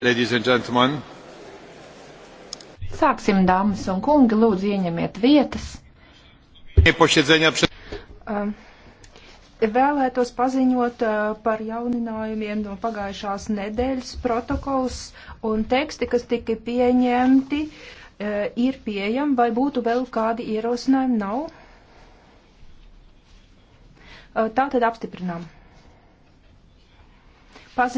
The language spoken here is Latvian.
Ladies and gentlemen. Sāksim, dāmas un kungi, lūdzu ieņemiet vietas. Um, vēlētos paziņot uh, par jauninājumiem no pagājušās nedēļas protokols un teksti, kas tika pieņemti, uh, ir pieejami, vai būtu vēl kādi ierosinājumi, nav. Uh, tā tad apstiprinām.